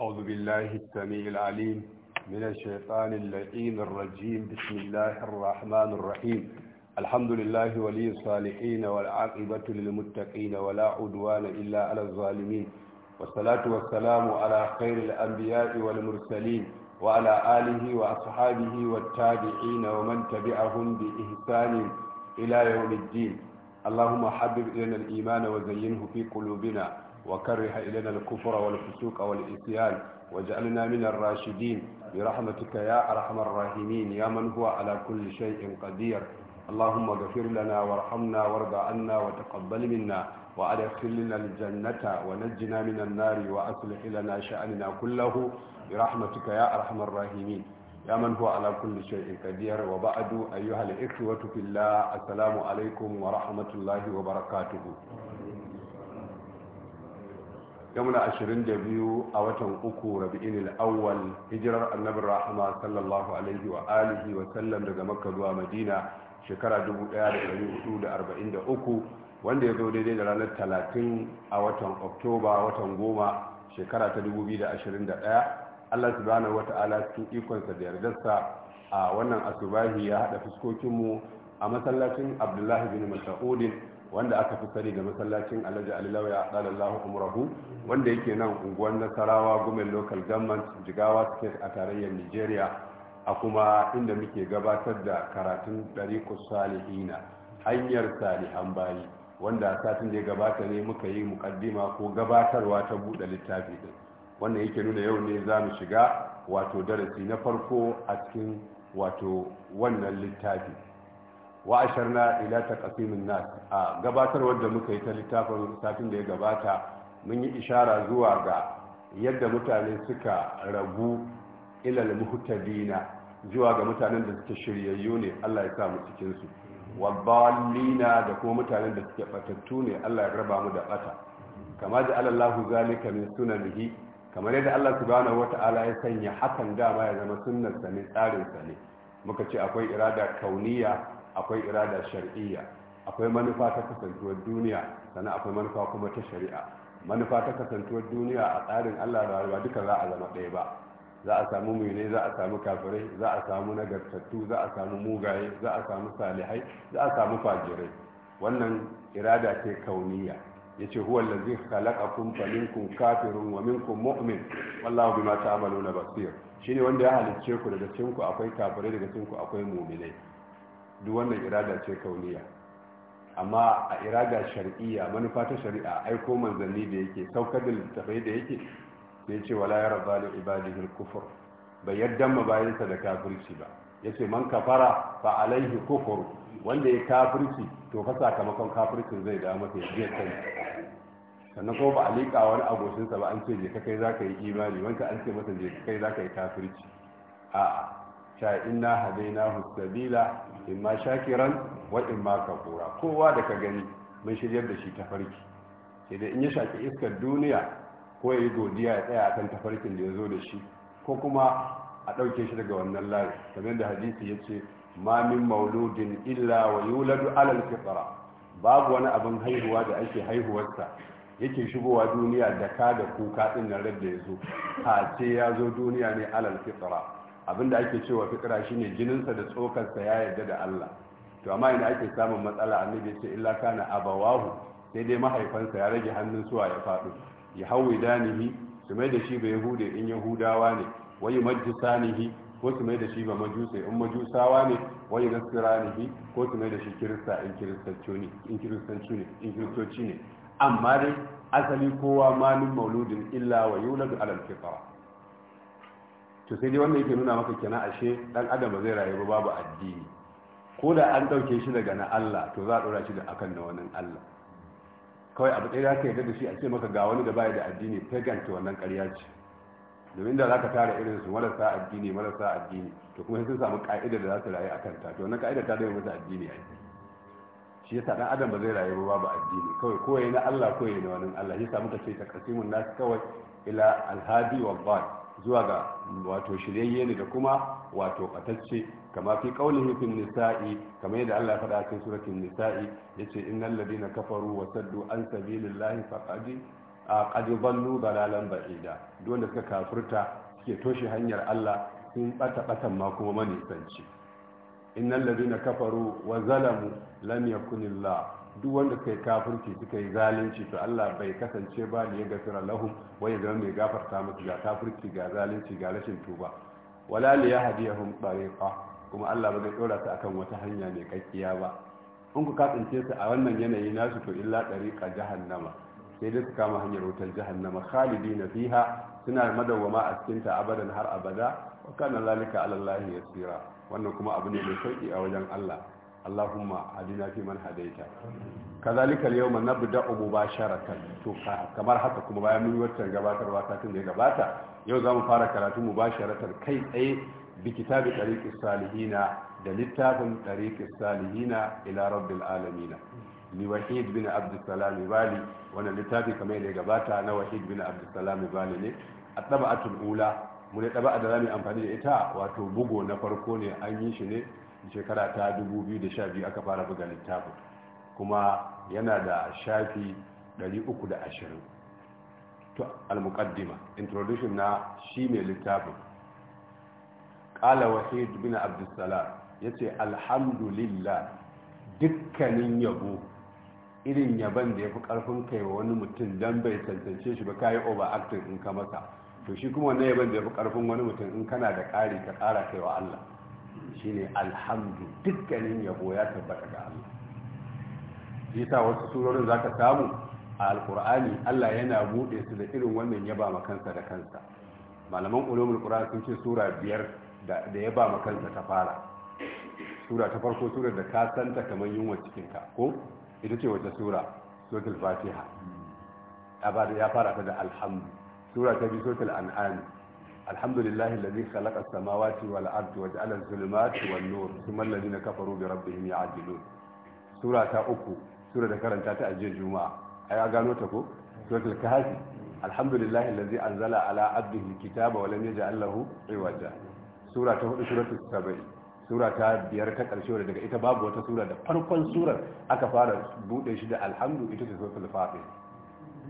أعوذ بالله السميع العليم من الشيطان اللئيم الرجيم بسم الله الرحمن الرحيم الحمد لله ولي الصالحين والعاقبة للمتقين ولا عدوان إلا على الظالمين والصلاة والسلام على خير الأنبياء والمرسلين وعلى آله وأصحابه والتابعين ومن تبعهم بإحسان إلى يوم الدين اللهم حبب إلينا الإيمان وزينه في قلوبنا وكره إلينا الكفر والفسوق والإسيان واجعلنا من الراشدين برحمتك يا أرحم الراحمين يا من هو على كل شيء قدير اللهم اغفر لنا وارحمنا وارض عنا وتقبل منا وأدخل لنا الجنة ونجنا من النار وأصلح لنا شأننا كله برحمتك يا أرحم الراحمين يا من هو على كل شيء قدير وبعد أيها الإخوة في الله السلام عليكم ورحمة الله وبركاته yau muna 22 a watan uku rabi'in al'awwal hijirar annabin rahama sallallahu alaihi wa alihi sallam daga makka zuwa madina shekara 1443 wanda ya zo daidai da ranar talatin a watan oktoba watan goma shekara ta 2021 allah subhanahu wa ta'ala cikin ikonsa da yardarsa a wannan asubahi ya haɗa fuskokinmu a masallacin abdullahi bin mas'udin wanda aka fi sani da masallacin alhaji alilawa ya ɗalallahu umrahu wanda yake nan unguwar nasarawa gumen local government jigawa state a tarayyar nigeria a kuma inda muke gabatar da karatun ɗariƙus salihina hanyar salihan bayi wanda satin da ya gabata ne muka yi mukaddima ko gabatarwa ta buɗe littafi ɗin wannan yake nuna yau ne za mu shiga wato darasi na farko a cikin wato wannan littafi wa asharna ila taqsimin nas a gabatarwar da muka yi ta littafin satin da ya gabata mun yi ishara zuwa ga yadda mutane suka rabu ilal muhtadina zuwa ga mutanen da suke shiryayyu ne Allah ya sa mu cikin su da kuma mutanen da suke fatattu ne Allah ya raba mu da bata kama da Allahu zalika min sunanihi kamar yadda Allah subhanahu wata'ala ya sanya hakan dama ya zama sunnar sa ne tsarin sa ne muka ce akwai irada kauniya akwai irada shar'iyya akwai manufa ta kasantuwar duniya sannan akwai manufa kuma ta shari'a manufa ta kasantuwar duniya a tsarin Allah da rayuwa duka za a zama ɗaya ba za a samu mune za a samu kafirai za a samu nagartattu za a samu mugaye za a samu salihai za a samu fajirai wannan irada ce kauniya yace huwa allazi khalaqakum fa minkum kafirun wa minkum mu'min wallahu bima ta'maluna basir shine wanda ya halicce ku daga cikin ku akwai kafirai daga cikin ku akwai muminai duk wannan irada ce kauniya amma a irada shar'iyya manufa ta shari'a aiko manzanni da yake saukar da littafai da yake sai ce wala ya rabba li ibadihi kufur bai yadda ma bayansa da kafirci ba yace man kafara fa alaihi kufur wanda ya kafirci to fa sakamakon kafircin zai da masa ya kai sannan ko ba a liƙa wani abokinsa ba an ce je kai za ka yi imani wanka an ce masa je kai za ka yi kafirci a'a ta inna hadaina sabila imma shakiran wa imma kafura kowa da ka gani mun shiryar da shi tafarki sai in ya shaki iskar duniya ko ya yi godiya ya tsaya kan tafarkin da ya zo da shi ko kuma a ɗauke shi daga wannan lari kamar da hadisi ya ce ma min mauludin illa wa yuladu alal fitra babu wani abin haihuwa da ake haihuwarsa yake shigowa duniya da ka da kuka din nan da ya zo ce ya zo duniya ne alal fitra abinda ake cewa fikira shine jininsa da tsokarsa ya yarda da Allah to amma ina ake samun matsala annabi ce illa kana abawahu sai dai mahaifansa ya rage hannun suwa ya faɗo ya hawi danihi su mai da shi ba yahude in yahudawa ne wai majusanihi ko su mai da shi ba majusa in majusawa ne wai nasranihi ko su mai da shi kirista in kiristanci ne in kiristanci ne in kiristoci ne amma dai asali kowa malin mauludin illa wa yuladu alal fitra to sai dai wanda yake nuna maka kenan ashe dan adam zai rayu ba babu addini ko da an dauke shi daga na Allah to za a ɗora shi da akan na wani Allah kawai abu ɗaya za ka yarda da shi a ce maka ga wani da baya da addini pagan to wannan ƙarya ce domin da za ka tara irin su marasa addini marasa addini to kuma sun samu ka'ida da za su rayu a ta, to wannan ka'ida ta dawo masa addini a shi yasa dan adam ba zai rayu ba babu addini kawai koyi na Allah koyi na wani Allah shi yasa muka ce ta kasimun nas kawai ila alhadi wal dhal zuwa ga wato shiryayye ne da kuma wato katacce kama fi qaulihi hifin nisa'i kama yadda Allah ya a cikin ya nisa'i in nan ladina kafaru wa saddu an sabilillahi faqad qad ballu dalalan ba'ida dole suka kafirta suke toshe hanyar Allah sun ɓata ɓatan ma kuma manisanci nan ladina kafaru wa zalamu lam la. duk wanda suka yi kafirci suka yi zalunci to Allah bai kasance ba ne ya gafira lahum wai zama mai gafarta musu ga kafirci ga zalunci ga rashin tuba wala li yahdihum tariqa kuma Allah bai zai dora su akan wata hanya mai kakkiya ba in ku kasance su a wannan yanayi nasu to illa tariqa jahannama sai dai su kama hanyar wutar jahannama khalidina fiha suna madawwama a cikin ta abadan har abada wa kana zalika ala Allah yasira wannan kuma abu ne mai sauki a wajen Allah Allahumma adina fi man hadaita kazalika al-yawma nabda'u mubasharatan to kamar haka kuma bayan mun yi wacce gabatar satin da ya gabata yau zamu fara karatu mubasharatan kai tsaye bi kitabi tariqis salihina da littafin tariqis salihina ila rabbil alamin li wahid bin abd salam bali wannan littafi kamar da gabata na wahid bin abd salam bali ne at-taba'atul ula mun da taba'a da zamu amfani da ita wato bugo na farko ne an yi shi ne shekara ta 2012 aka fara buga littafin kuma yana da shafi 320 to al-muqaddima introduction na shi mai littafin qala wahid bin abdussalam yace alhamdulillah dukkanin yabo irin yaban da ya fi karfin kai wa wani mutum dan bai tantance shi ba kayi overacting in ka masa to shi kuma wannan yaban da ya fi karfin wani mutum in kana da ƙari ka ƙara kai wa Allah ne alhamdu dukkanin yabo ya tabbata ga Allah shi ta wasu surorin za ka samu a alqur'ani Allah yana buɗe su da irin wannan yaba ma kansa da kansa malaman ulumul qur'an sun ce sura biyar da da yaba ma kansa ta fara sura ta farko sura da ka santa kamar yunwa cikin ka ko ita ce wata sura suratul fatiha abada ya fara ta da alhamdu sura ta biyu suratul an'am الحمد لله الذي خلق السماوات والأرض وجعل الظلمات والنور ثم الذين كفروا بربهم يعدلون سورة أكو سورة ذكرت تأجي الجمعة أي أغانوتكو سورة الكهف الحمد لله الذي أنزل على عبده الكتاب ولم يجعل له عوجا سورة هدو سورة السبع سورة بيار تكر سورة دقا إتباب وتا سورة دا فرقا سورة أكفار بوئي شد الحمد إتسورة الفاتحة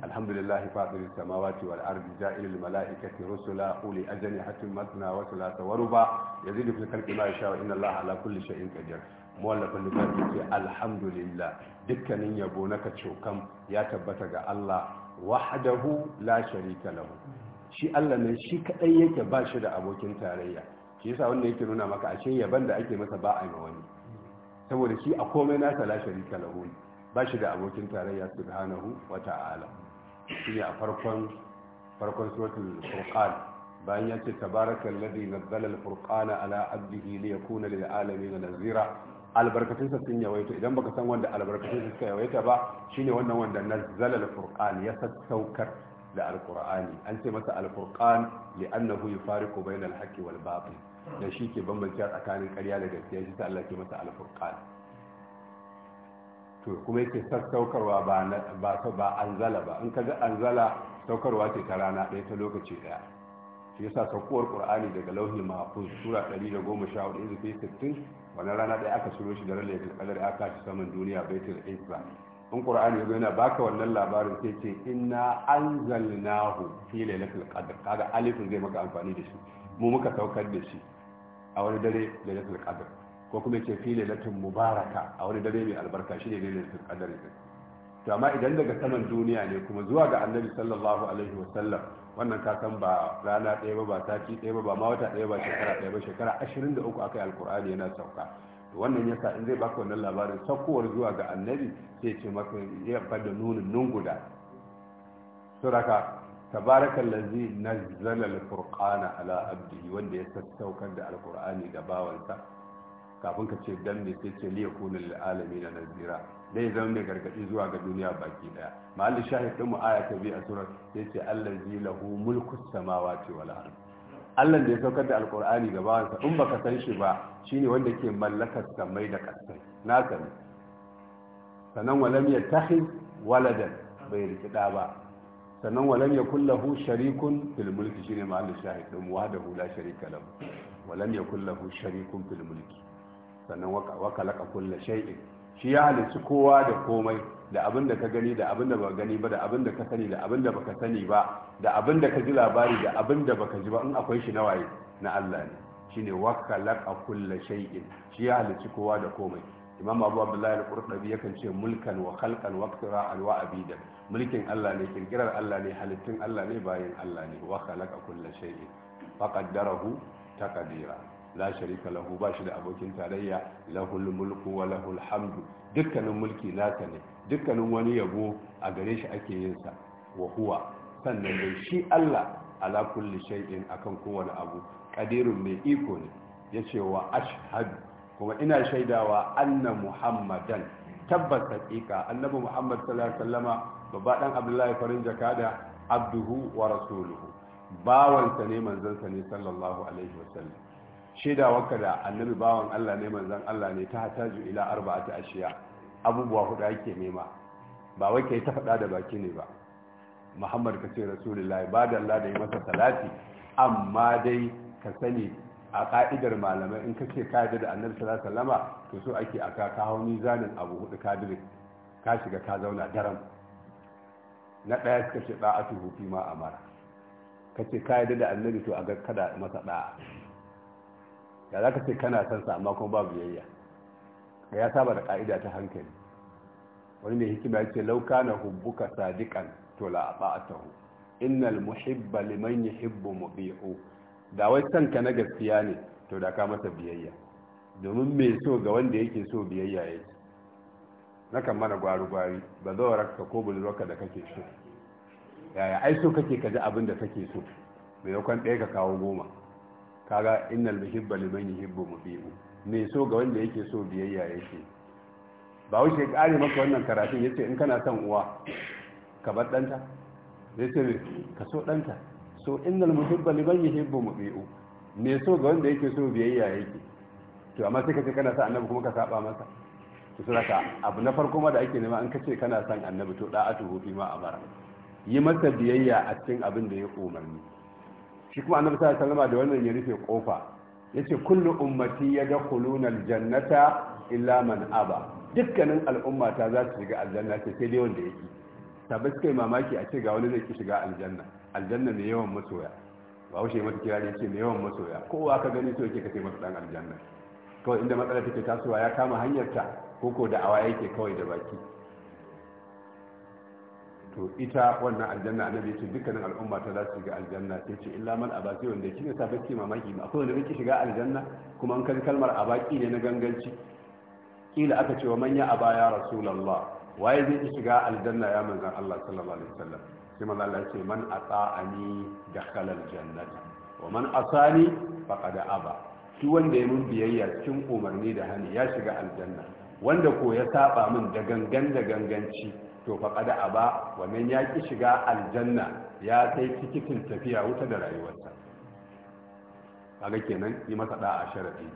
alhamdulillah fadir samawati wal ardi ja'il al malaikati rusula ajani ajnihatin matna wa thulatha wa ruba yazidu fil khalqi ma yasha inna allaha ala kulli shay'in qadir mawallafin littafi ce alhamdulillah dukkanin yabo na kacokan ya tabbata ga Allah wahdahu la sharika lahu shi Allah ne shi kadai yake ba shi da abokin tarayya shi yasa wannan yake nuna maka ashe yaban da ake masa ba a yi wani saboda shi a komai nasa la sharika lahu ba shi da abokin tarayya subhanahu wata ala. shine a farkon farkon furkan bayan ya ce tabarakal ladhi nazzala al furqana ala abdihi li yakuna lil alamin nazira albarkatun sa sun yawaita idan baka san wanda albarkatun sa suka yawaita ba shine wannan wanda na zalal furkan ya sassaukar da alkur'ani an ce masa al furqan li annahu yufariqu bainal al haqqi wal batil da shi ke bambance tsakanin ƙarya da gaskiya shi ta Allah ke masa al to kuma yake sassaukarwa ba anzala ba in ka ga anzala saukarwa ce ta rana ɗaya ta lokaci ɗaya shi yasa saukuwar qur'ani daga lauhi mahfuz sura 114 izu fi 60 wani rana ɗaya aka shiro shi da rana ya kalar ya saman duniya baitul isra in qur'ani ya yana baka wannan labarin sai ce inna anzalnahu fi lailatul qadr kaga alifin zai maka amfani da shi mu muka saukar da shi a wani dare lailatul qadr ko kuma ce fi lailatin mubaraka a wani dare mai albarka shine lailatul qadr din to amma idan daga saman duniya ne kuma zuwa ga annabi sallallahu alaihi wasallam wannan ka san ba rana ɗaya ba ba sati ɗaya ba ba ma wata ɗaya ba shekara ɗaya ba shekara 23 akai alqur'ani yana sauka to wannan yasa in zai baka wannan labarin saukowar zuwa ga annabi sai ce maka ya bada nunin nun guda suraka tabarakan na nazzala alfurqana ala abdihi wanda ya sassaukar da alkur'ani ga bawansa kafin ka ce dan ne sai ce liya kunil alami na nazira dai zama mai gargaɗi zuwa ga duniya baki ɗaya mahallin shahid din mu aya ta biyu a surar sai ce allazi lahu mulku samawati wal ard Allah da ya saukar da alkur'ani ga bawansa in baka san shi ba shine wanda ke mallakar samai da kasai na sani sannan walam ya tahi waladan bai rikida ba sannan walam yakul lahu sharikun fil mulki shine mahallin shahid din wahdahu la sharika lahu walam yakul lahu sharikun fil mulki sannan waka laka kulla shay'in shi ya halicci kowa da komai da abin da ka gani da abin da ba gani ba da abin da ka sani da abin da baka sani ba da abin da ka ji labari da abin da baka ji ba in akwai shi na waye na Allah ne shine waka laka kulla shay'in shi ya halicci kowa da komai imam abu abdullahi al-qurtubi yakan ce mulkan wa khalqan wa qira'an wa abida mulkin Allah ne kirkirar Allah ne halittun Allah ne bayan Allah ne wa khalaqa kulla shay'in faqaddarahu taqdira la sharika lahu ba shi da abokin tarayya lahul mulku wa lahul hamdu dukkanin mulki naka ne dukkanin wani yabo a gare shi ake yin sa wa huwa sannan dai shi Allah ala kulli shay'in akan kowane abu qadirun mai iko ne yace wa ashhadu kuma ina shaidawa anna muhammadan tabbas hakika annabi muhammad sallallahu alaihi wasallama babba dan abdullahi farin jakada abduhu wa rasuluhu bawansa ne manzansa ne sallallahu alaihi wasallam shaidawarka da annabi bawan Allah ne manzan Allah ne ta hataju ila ta ashiya abubuwa hudu ake nema ba wai kai ta faɗa da baki ne ba Muhammad ka ce Rasulullahi ba da Allah da yi masa salati amma dai ka sani a ka'idar malamai in ka ce ka da annabi sallallahu alaihi wasallam to so ake aka ka hau mizanin abu hudu kadiri ka shiga ka zauna daram na ɗaya suka ce da'atu hufi ma amara ka ce ka da annabi to a ga kada masa ɗa'a da za ka ce kana san sa amma kuma ba biyayya ka ya saba da ka'ida ta hankali wani mai hikima ya ce lauka na hubbuka sadiƙan to la ata'atahu innal muhibba liman yuhibbu mubi'u da wai son ka na gaskiya ne to da ka masa biyayya domin mai so ga wanda yake so biyayya yake nakan mana gwari-gwari ba zo raka ko budurwarka da kake so yaya ai so kake kaji abin da kake so maimakon ɗaya ka kawo goma kaga innal muhibba liman yuhibbu mubiu me so ga wanda yake so biyayya yake ba wuce kare maka wannan karatun yace in kana son uwa ka bar danta yace ce ka so danta so innal muhibba liman yuhibbu mubiu me so ga wanda yake so biyayya yake to amma sai ka ce kana son annabi kuma ka saba masa to saboda abu na farko ma da ake nema in kace kana son annabi to da'atu fi ma amara yi masa biyayya a cikin abin da ya umarni shi kuma annabi sallallahu alaihi wasallam da wannan ya rufe kofa yace kullu ummati yadkhuluna aljannata illa man aba dukkanin al'umma ta za su shiga aljanna ce sai dai wanda yake tabbas yi mamaki a ce ga wani zai shiga aljanna aljanna mai yawan masoya ba wuce mata kira ne ce mai yawan masoya kowa ka gani so yake ka sai masa dan aljanna kawai inda matsala take tasowa ya kama hanyarta ko ko da awa yake kawai da baki to ita wannan aljanna annabi ce dukkanin al'umma ta za su shiga aljanna sai ce illa man abaki wanda shi ne sabon ke mamaki ba akwai wanda bai shiga aljanna kuma an kan kalmar abaki ne na ganganci kila aka ce wa manya a baya rasulallah. waye zai shiga aljanna ya manzon Allah sallallahu alaihi wasallam sai manzon Allah ce man da dakhala aljannata wa man asani faqad aba shi wanda ya mun biyayya cikin umarni da hani ya shiga aljanna wanda ko ya saba min da gangan da ganganci to fa kada aba wannan ya ki shiga aljanna ya kai tikitin tafiya wuta da rayuwarsa kaga kenan yi masa a sharadi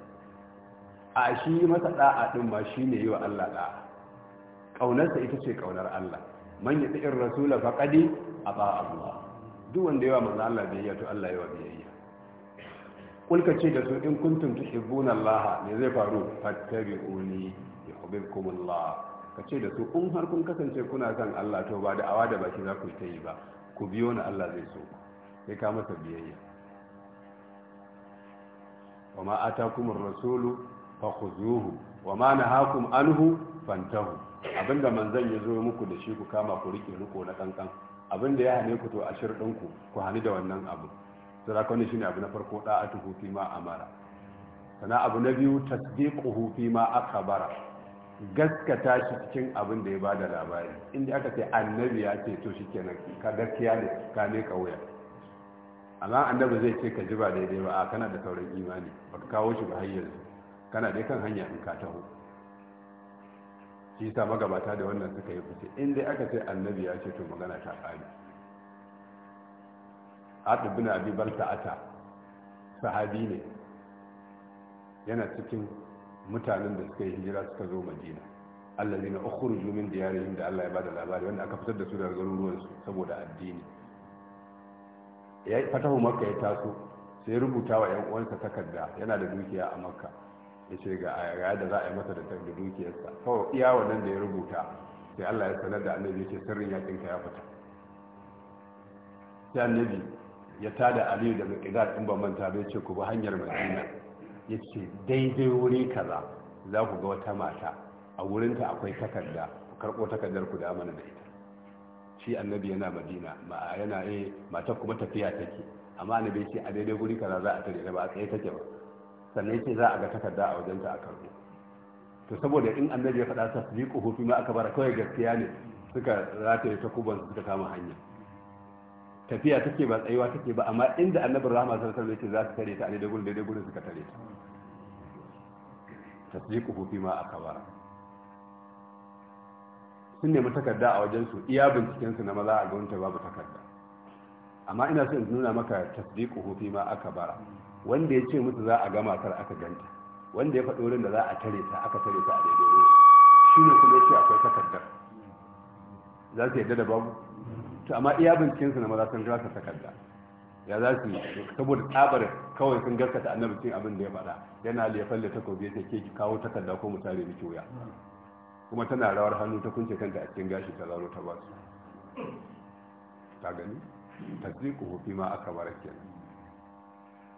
a shi yi masa a din ba shine yi wa Allah da'a Ƙaunarsa ita ce kaunar Allah man yi tsirin rasula faqadi aba Allah duk wanda yawa manzo Allah biyayya to Allah yawa biyayya kulka ce da su in kuntum tuhibbuna Allah ne zai faru fattabi'uni yuhibbukum Allah ka ce da su in har kun kasance kuna kan Allah to ba da awa da baki za ku ta yi ba ku biyo na Allah zai so sai ka masa biyayya wa ma atakum ar-rasulu fakhuzuhu wa ma nahakum anhu fantahu abinda manzon ya zo muku da shi ku kama ku rike riko na kankan abinda ya hane ku to a shirdin ku ku hani da wannan abu ka sarakon shine abu na farko atuhu fi ma amara sana abu na biyu tasdiquhu fi ma akhbara gaskata shi cikin abin da ya ba da labari inda aka ce annabi ya ce to shi kenan ka gaskiya da ka ne ka wuya amma annabi zai ce ka ji ba daidai ba a kana da sauran imani ba ka kawo shi ba hanyar kana dai kan hanya in ka taho shi yasa magabata da wannan suka yi fice inda aka ce annabi ya ce to magana ta kare Atib bin Abi Balta'ata sahabi ne yana cikin mutanen da suka yi hijira suka zo madina allazi na ukhruju min diyarihim da Allah ya bada labari wanda aka fitar da su daga garuruwan su saboda addini yayi fatahu makka ya taso sai rubuta wa yan uwansa takarda yana da dukiya a makka ya ce ga aya da za a yi masa da takarda dukiyarsa kawai iya wannan da ya rubuta sai Allah ya sanar da annabi ya ce sirrin yakin ka ya fita sai annabi ya tada aliyu da miqdad in ba manta bai ce ku bi hanyar madina ya ce daidai wuri kaza za ku ga wata mata a wurinta akwai takarda ku karɓo takardar ku da mana da ita shi annabi yana madina ma yana eh mata kuma tafiya take amma annabi ce a daidai wuri kaza za a tare ba a tsaye take ba sannan ce za a ga takarda a wajenta a karɓo to saboda in annabi ya faɗa tasdiqu hu ma aka bara kawai gaskiya ne suka rataye ta kuban suka kama hanya tafiya take ba tsayuwa take ba amma inda annabin rahama sallallahu alaihi wasallam yake za su tare ta a daidai gurin daidai gurin suka tare ta tasdiquhu fi ma akbara sun nemi takarda a wajen su iya binciken su na maza a gwamnati babu takarda amma ina so in nuna maka tasdiquhu fi ma akbara wanda ya ce musu za a ga matar aka ganta wanda ya faɗo wanda da za a tare ta aka tare ta a daidai wurin shine kuma yace akwai takardar za su yadda da babu to amma iya binciken su na maza sun ga takarda ya za su saboda tsabar kawai sun gaskata annabi cin abin da ya faɗa yana lefan da takobi ta ke kawo takarda ko misali miki wuya kuma tana rawar hannu ta kunce kanta a cikin gashi ta zaro ta ba su ta gani tasdiqu hu ma aka ke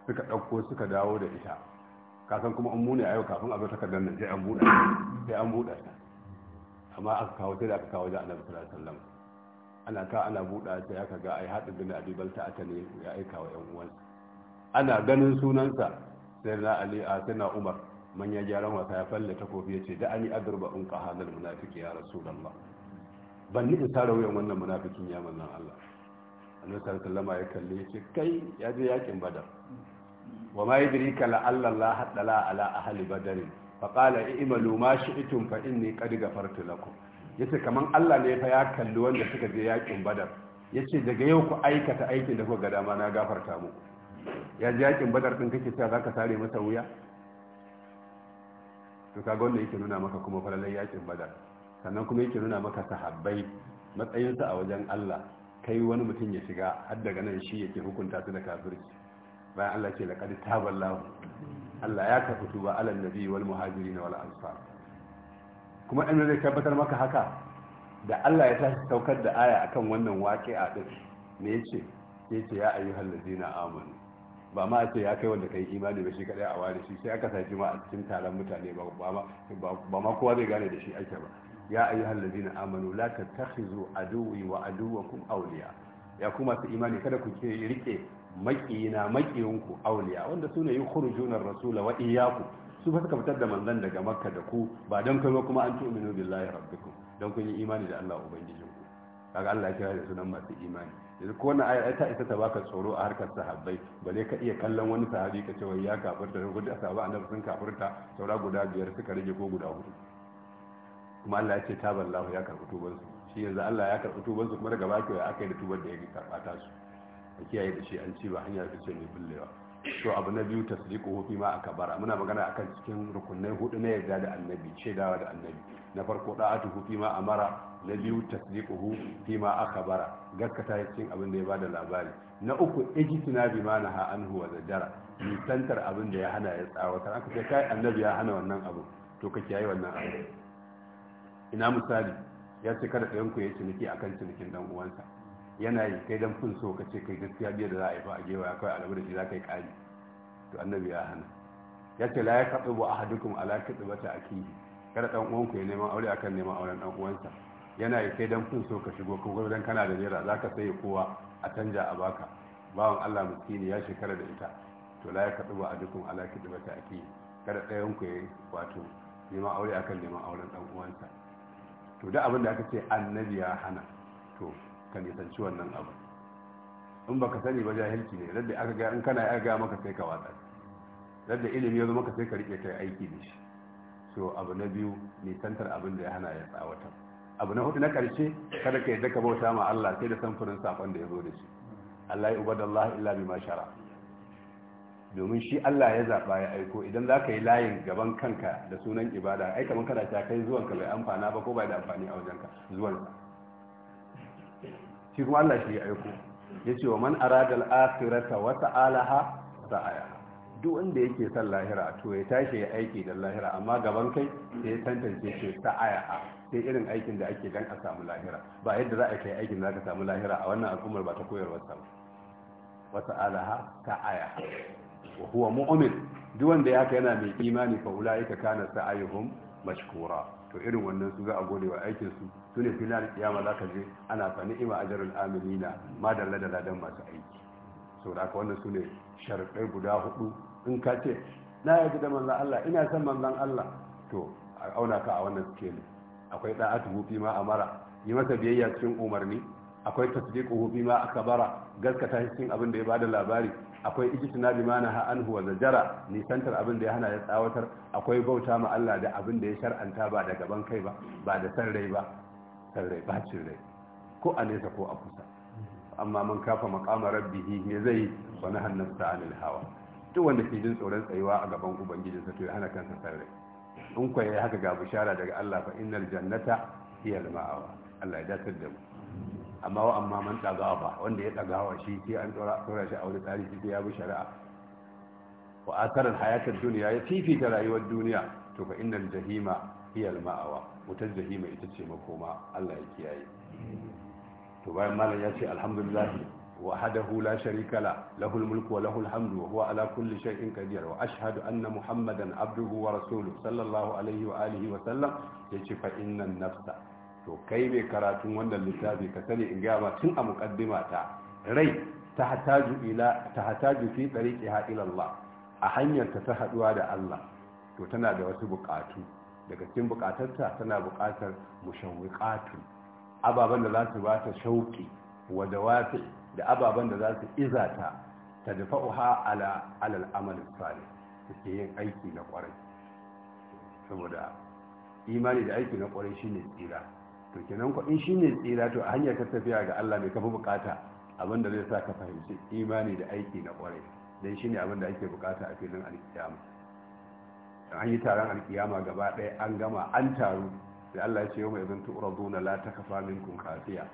suka ɗauko suka dawo da ita kasan kuma an muni a yau kafin a zo takardar nan sai an buɗa sai an buɗa amma aka kawo sai da aka kawo da annabi sallallahu alaihi wasallam ana ka ana buɗa sai aka ga ai haɗin bin abi ta aka ne ya aika wa 'yan uwansa ana ganin sunansa sai na ali a sai umar Manya gyaran wasa ya falle kofi ya ce da ani adurba in ka halar munafiki ya ba. ban ni in sare wuyan wannan munafikin ya manzon Allah annabi sallallahu ya kalli ya ce kai ya je yakin badar wa ma yadrika la alla la hadala ala ahli badar fa qala i'malu ma shi'tum fa inni qad ghafartu lakum yace kaman Allah ne fa ya kalli wanda suka je yakin badar yace daga yau ku aikata aikin da kuka ga dama na gafarta mu ya ji yakin badar din kake cewa zaka sare masa wuya to kaga wanda yake nuna maka kuma falalan yakin badar sannan kuma yake nuna maka sahabbai matsayinsa a wajen Allah kai wani mutum ya shiga har daga nan shi yake hukunta su da kafirci bayan Allah ce laqad taballahu Allah ya karɓi ba alal nabi wal muhajirin wal ansar kuma ɗan zai tabbatar maka haka da Allah ya tashi saukar da aya akan wannan wake a ɗin ne ya ce ya ce ya hallazi na amanu ba ma ce ya kai wanda kai imani ba shi kaɗai a ware shi sai aka saki ma a cikin taron mutane ba ma kowa bai gane da shi ake ba ya ayyuhan na amanu la tattakhizu aduwwi wa kun auliya ya kuma su imani kada ku ke rike maƙiyina maƙiyinku auliya wanda su ne yi kurujunar rasula wa iyaku? su fa suka fitar da manzan daga makka da ku ba don kai ba kuma an tu'minu billahi rabbikum don kun yi imani da Allah ubangijin ku kaga Allah ya kira da sunan masu imani yanzu ko wannan ayar ta isa ta baka tsoro a harkar sahabbai bale ka iya kallon wani sahabi ka ce wai ya kafirta don gudu sahabi annabi sun kafirta saura guda biyar suka rage ko guda hudu kuma Allah ya ce taballahu ya karɓi tuban su shi yanzu Allah ya karɓi tuban su kuma daga baki ya akai da tuban da ya karba ta su a kiyaye da shi an ci ba hanya da ce mai bullewa to abu na biyu tasdiquhu fi ma akbara muna magana akan cikin rukunai hudu na yarda da annabi shaidawa da annabi na farko da'atuhu fi ma amara na biyu tasdiquhu fi ma akbara gaskata cikin abin da ya bada labari na uku ijtina bi ma naha anhu wa zajara nisantar abin da ya hana ya tsawatar aka ce kai annabi ya hana wannan abu to ka kiyaye wannan abu ina misali ya ce kada ɗayan ku ya ciniki akan cinikin ɗan uwansa yana yi kai dan kun so ka ce kai gaskiya biyar da za a yi ba a gewaya kawai alamu da shi za ka yi kari to annabi ya hana ya ce la ya kaɗu ba a ahadukum ala kaɗu ba ta akihi kada ɗan uwanku ya neman aure akan neman auren ɗan uwansa yana yi kai dan kun so ka shigo ko gwamnan kana da naira za ka saye kowa a canja a baka bawan allah miskini ya shekara da ita to la ya kaɗu ba a ahadukum ala kaɗu ba ta akihi kada ɗayanku ya yi wato neman aure akan neman auren ɗan uwansa to da abin da aka ce annabi ya hana to ka nisanci wannan abu in ba ka sani ba jahilci ne radda aka ga in kana aka maka sai ka watsa da ilimi ya zo maka sai ka rike kai aiki da shi so abu na biyu nisantar abin da ya hana ya tsawatar abu na hudu na karshe kada ka yadda ka bauta ma Allah sai da samfurin sakon da ya zo da shi Allah ya Allah illa ma shara domin shi Allah ya zaɓa ya aiko idan za ka yi layin gaban kanka da sunan ibada ai kamar kana ta kai zuwanka bai amfana ba ko bai da amfani a wajenka zuwanka shi kuma shi ya aiko ya ce wa man aradal akhirata wa ta'alaha sa'aya duk wanda yake son lahira to ya tashi ya aiki don lahira amma gaban kai sai ya tantance ce sa'aya sai irin aikin da ake dan a samu lahira ba yadda za a kai aikin za ka samu lahira a wannan al'ummar ba ta koyarwar sa alaha ta'alaha sa'aya wa huwa mu'min duk wanda ya yana mai imani fa ulaika kana sa'ayuhum mashkura to irin wannan su za a gode wa aikin su su ne filan kiyama za ka je ana fa ni'ima ajarul amilina ma da ladan masu aiki da ka wannan su ne sharuɗai guda hudu in ka ce na ji da manzan Allah ina son manzan Allah to a auna ka a wannan skeli akwai atu hufi ma mara, yi masa biyayya cikin umarni akwai tasdiqu hufi ma akbara gaskata cikin abin da ya bada labari akwai ijtina bi mana ha anhu wa zajara nisantar abin da ya hana ya tsawatar akwai bauta ma Allah da abin da ya shar'anta ba da gaban kai ba ba da san ba san rai bacin rai ko a nesa ko a kusa amma man kafa maqama rabbihi me zai wa hannun nafsa anil hawa duk wanda ke jin tsoron tsayuwa a gaban ubangijinsa to ya hana kansa san rai in kwaye haka ga bishara daga Allah fa innal jannata hiya al-ma'awa Allah ya datar da mu amma wa amma man tagawa ba wanda ya hawa shi sai an tsora shi a wani tarihi sai ya shari'a wa'asarar hayatar duniya ya fifita rayuwar duniya to fa innal jahima hiya ma'awa wutar jahima ita ce makoma Allah ya kiyaye to bayan malam ya ce alhamdulillah wa hadahu la sharika la lahul mulku wa lahul hamdu wa huwa ala kulli shay'in qadir wa ashhadu anna muhammadan abduhu wa rasuluhu sallallahu alayhi wa wa sallam yace fa innan nafsa to kai mai karatun wannan littafi ka sani in gaya ma tun a muqaddima ta rai ta hataju ila ta hataju fi tariqiha ila Allah a hanyar ta ta haduwa da Allah to tana da wasu bukatu daga cikin bukatarta tana bukatar mushawwiqatu ababan da za su ba ta shauki wa dawafi da ababan da za su izata ta dafa'uha ala alal amal salih take yin aiki na kwarai saboda imani da aiki na kwarai shine tsira to kenan ko in shine tsira to a hanyar ta tafiya ga Allah mai kafa bukata abin zai sa ka fahimci imani da aiki na kwarai dan shine abin da ake bukata a filin alkiyama an yi taron alkiyama gaba ɗaya an gama an taru da Allah ya ce yau mai zan tu'raduna la takfa minkum khafiya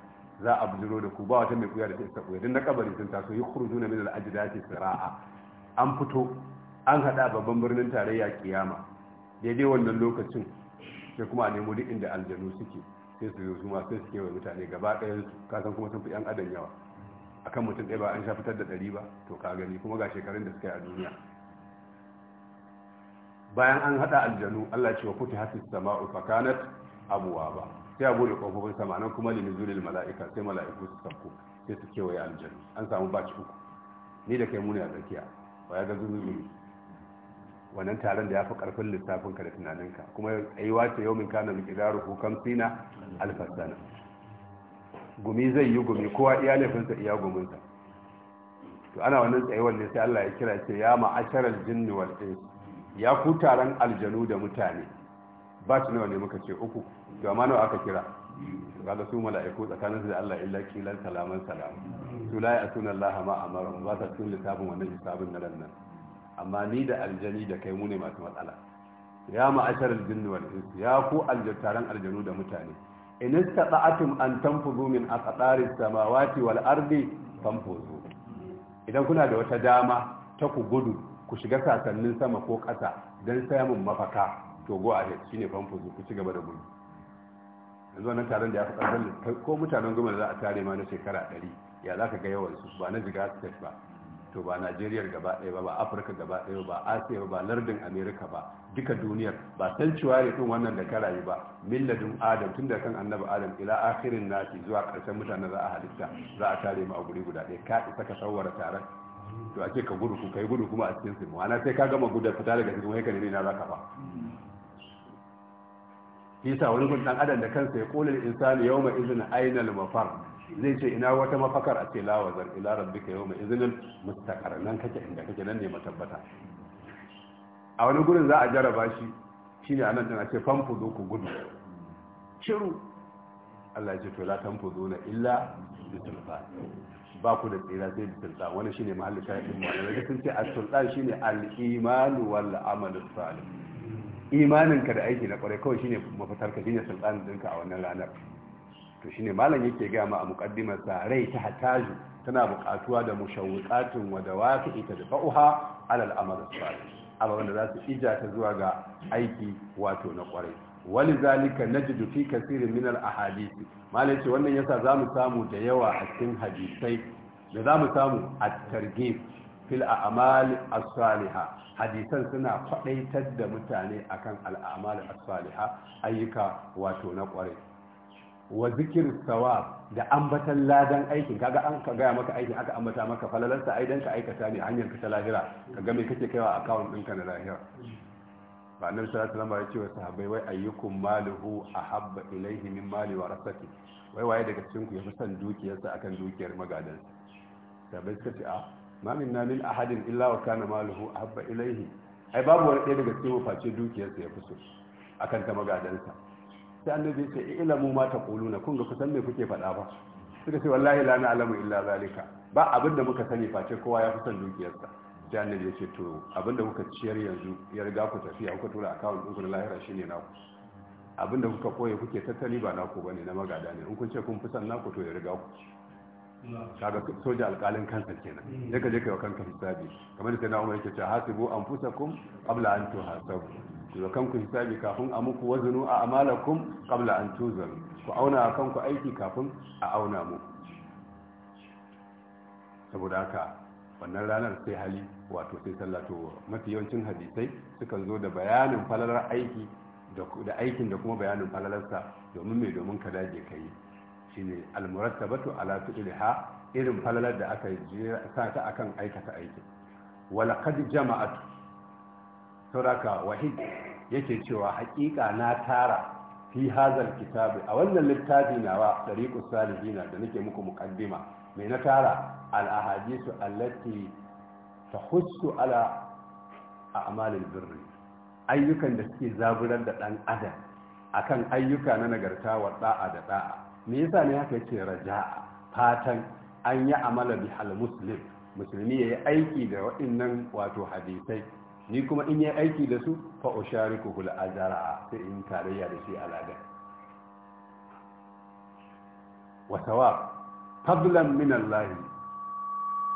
za a bujiro da ku ba wata mai kuya da ta kuya dan na kabari sun taso yi kurzuna min sira'a an fito an hada babban birnin tarayya kiyama daidai wannan lokacin sai kuma a nemo duk inda aljanu suke sai su su ma sai su mutane gaba ɗaya kasan kuma sun fi yan adam yawa akan mutum ɗaya ba an sha fitar da ɗari ba to ka gani kuma ga shekarun da suka yi a duniya bayan an haɗa aljanu Allah ce wa kuti hasis sama'u kanat abuwa ba sai abu da kofofin sama nan kuma linzulil mala'ika sai mala'iku su sauko sai su kewaye aljanu an samu baci uku ni da kai muni a tsakiya ba ya ga zuzuri wannan taron da ya fi karfin lissafinka da tunaninka kuma aiwa ce yau min kana mikidaru hukam sina alfasana gumi zai yi gumi kowa iya laifinsa iya guminsa to ana wannan tsayuwar ne sai Allah ya kira ce ya ma'asharal jinni wal ya ku taron aljanu da mutane ba su nawa ne muka ce uku to amma nawa aka kira kaga su mala'iku tsakanin su da Allah illa kilan salaman salam su la ya'tuna Allah ma amara ba ta cikin lissafin wannan lissafin na ran nan amma ni da aljani da kai mu ne masu matsala ya ma'ashar aljinni wal insu ya ku aljattaran aljanu da mutane in istata'atum an tanfuzu min aqtaris samawati wal ardi tanfuzu idan kuna da wata dama ta ku gudu ku shiga sasannin sama ko ƙasa don samun mafaka to go ahead shine tanfuzu ku ci gaba da gudu yanzu wannan taron da ya fi ko mutanen goma da za a tare ma na shekara 100 ya za ka ga su ba na jiga su ba to ba najeriya gaba ɗaya ba ba afirka gaba ɗaya ba asiya ba lardin amerika ba duka duniyar ba san ciwari ɗin wannan da karayi ba milladun adam tun da kan annabi adam ila akhirin nasi zuwa ƙarshen mutanen za a halitta za a tare mu a guri guda ɗaya ka isa ka tsawara taron to ake ka gudu ku kai gudu kuma a cikin su ma'ana sai ka gama gudu fita daga cikin wai ka ne na zaka ba yasa wani gun dan adam da kansa ya kula insani yawma izin ainal mafar zai ce ina wata mafakar a ce lawazar ila rabbika mai izinin mustaƙar nan kake inda kake nan ne matabbata a wani gurin za a jaraba shi ne anan tana ce famfudu ku gudu shiru Allah ce to la tanfudu na illa bisulfa ba ku da tsira sai bisulfa wani shine mahalli ɗin mu da sun ce a sultan shine al-iman wal amal salih imaninka da aiki na kwarai kawai shine mafitarka shine sultan ɗinka a wannan ranar to shine malam yake ga ma a muqaddimar sa rai ta hataju tana buƙatuwa da mushawwiqatin wa dawafi ta dafa'uha ala al-amal salih ababan da za su ija ta zuwa ga aiki wato na kwarai wani zalika najidu fi kasirin min al-ahadith malam ce wannan yasa zamu samu da yawa a cikin hadisai da zamu samu at-targhib fil a'mal as-saliha hadisan suna faɗaitar da mutane akan al as-saliha ayyuka wato na kwarai wa zikir sawab da ambatan ladan aikin kaga an ka gaya maka aikin aka ambata maka falalarsa ai aidan ka aikata ne hanyar ka ta lahira kaga me kake kaiwa account ɗinka na lahira ba annabi sallallahu alaihi wasallam ya ce wa sahabbai wai ayyukum maluhu ahabba ilayhi min mali warasati wai waye daga cikin ku yafi son dukiyarsa akan dukiyar magadan sahabbai suka ce a ma minna min ahadin illa wa kana maluhu ahabba ilayhi ai babu wani ɗaya daga cikin face dukiyarsa ya fi so akan ta magadansa sai annabi ce ilamu ma taquluna kun ga kusan me kuke faɗa ba suka ce wallahi la alamu illa zalika ba abin da muka sani face kowa ya kusan dukiyarsa sai annabi ya ce to abin da kuka ciyar yanzu ya riga ku tafiya kuka tura akawun ɗinku na lahira shine naku abin da kuka koye kuke tattali ba naku bane na magada ne in kun ce kun fi naku to ya riga ku kaga soja alƙalin kansa kenan ya ka je kai wa kanka hisabi kamar da sai na umar yake ce hasibu anfusakum qabla an tuhasabu wa kanku hisabi kafin a muku wazinu a amalakum qabla an tuzaru ku auna kanku aiki kafin a auna muku saboda haka wannan ranar sai hali wato sai sallato mafi yawancin hadisai sukan zo da bayanin falalar aiki da aikin da kuma bayanin falalarsa domin mai domin ka dage ka yi shine almurattabatu ala tudliha irin falalar da aka sa ta akan aikata aiki. wala qad jama'atu sauraka wahid yake cewa hakika na tara fi hazal kitabi a wannan littafi nawa tariqu salihina da nake muku muƙaddima. Me na tara al ahadisu allati tahussu ala a'malil birri ayyukan da suke zaburar da dan adam akan ayyuka na nagarta wa da'a da da'a me yasa ne haka yake raja'a fatan an yi amala bi hal muslim musulmi yayi aiki da waɗannan wato hadisai ni kuma in yi aiki da su ku hula a zara’a sai in tarayya da shi alaga wa fadlan min Allah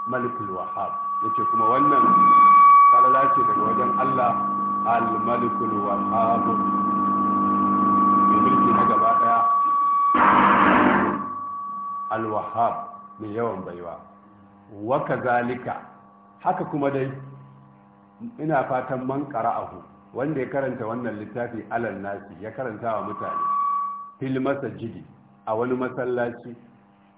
malikul ya yace kuma wannan kalala ce daga wajen Allah al malikul wahab mai mulki na gaba daya al wahab mai yawan baiwa wa kazalika haka kuma dai ina fatan man qara'ahu wanda ya karanta wannan littafi alal nasi ya karanta wa mutane fil masajidi a wani masallaci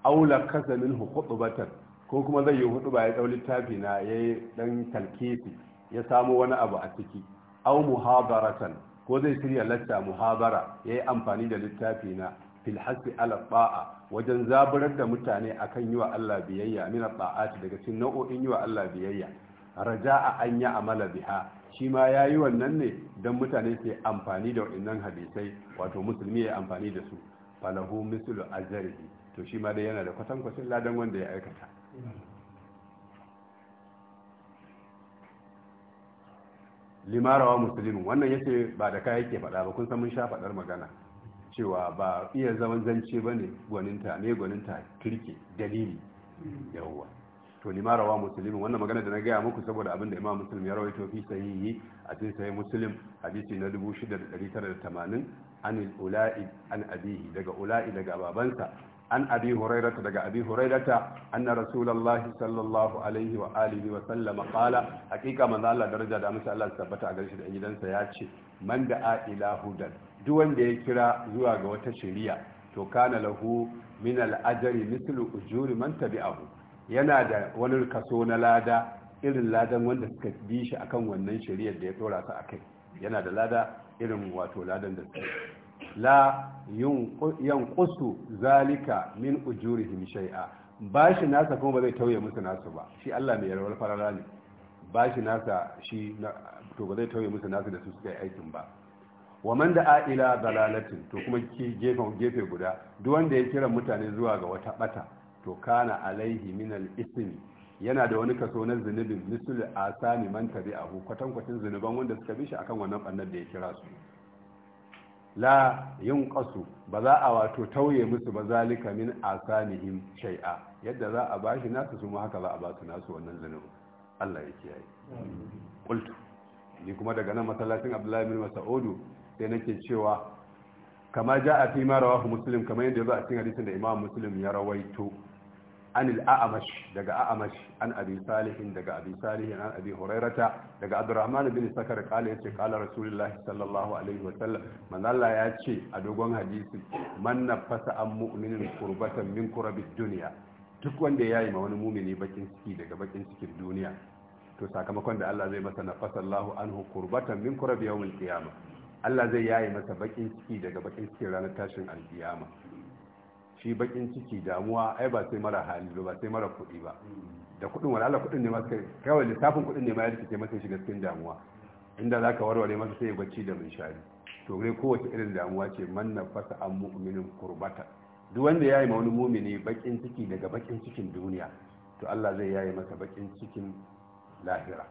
aula kasanin hukubatan ko kuma zai yi hudu ba ya dau littafi na yayi dan talkisi ya samu wani abu a ciki au muhabaratan ko zai shirya lacca muhabara yi amfani da littafi na fil hasi ala ba'a wajen zaburar da mutane akan yiwa wa Allah biyayya min ta'ati daga cikin nau'o'in yiwa Allah biyayya raja'a an yi amala biha shi ma ya yi wannan ne don mutane sai amfani da waɗannan hadisai wato musulmi ya amfani da su falahu mislu azarihi to shi ma dai yana da kwatankwacin ladan wanda ya aikata limarawa musulmi wannan yace ba da kaya ke faɗa ba kun san mun sha faɗar magana cewa ba iya zaman zance ba ne gwaninta ne gwaninta kirki dalili yawwa to ma rawa muslim wannan magana da na gaya muku saboda abin da imam muslim ya rawaito fi sahihi a cikin sahih muslim hadisi na 6980 an ula'i an abihi daga ula'i daga babansa an abi hurairata daga abi hurairata anna rasulullahi sallallahu alaihi wa alihi wa sallama qala hakika manzo Allah daraja da musa Allah tabbata a garin da gidansa ya ce man da a ila hudan duk wanda ya kira zuwa ga wata shari'a to kana lahu min al-ajri mithlu ujuri man tabi'ahu yana da wani kaso na lada irin ladan wanda suka bi shi akan wannan shari'ar da ya tsora su kai. yana da lada irin wato ladan da suka la kusu zalika min shai'a shai'a. bashi nasa kuma ba zai tauye musu nasu ba shi Allah mai yarwar farara ne bashi nasa shi to ba zai tauye musu nasu da su suka yi aikin ba wa man da a'ila dalalatin to kuma gefe guda duk wanda ya kira mutane zuwa ga wata bata to kana alaihi min al ithm yana da wani kaso na zunubin misul asani man tabi'ahu kwatan kwatin zunuban wanda suka bi shi akan wannan bannan da ya kira su la yunqasu ba za a wato tauye musu ba zalika min asanihim shay'a yadda za a bashi nasu su haka za a ba su nasu wannan zunubin Allah ya kiyaye qultu ni kuma daga nan masallacin Abdullahi bin Mas'udu sai nake cewa kama ja a fi marawa muslim kamar yadda ya zo a cikin hadisin da imam muslim ya rawaito عن الأعمش دقى أعمش عن أبي صالح دقى أبي صالح عن أبي هريرة دقى عبد الرحمن بن سكر قال يتي قال رسول الله صلى الله عليه وسلم من الله يأتي dogon hadisi, من نفس أم مؤمن قربة من قرب الدنيا duk wanda ya yi ma wani mumini bakin ciki daga bakin cikin duniya to sakamakon da Allah zai masa nafasallahu anhu qurbatan min qurbi yawmil qiyamah Allah zai yayi masa bakin ciki daga bakin cikin ranar tashin alkiyama shi bakin ciki damuwa ai ba sai mara hali ba sai mara kuɗi ba da kuɗin wala Allah kuɗin ne ma kawai lissafin kuɗin ne ma ya rikice masa shiga cikin damuwa inda za ka warware masa sai ya bacci da minshari to dai kowace irin damuwa ce man nafasa an mu'minin kurbata duk wanda yayi ma wani mumini bakin ciki daga bakin cikin duniya to Allah zai yayi masa bakin cikin lahira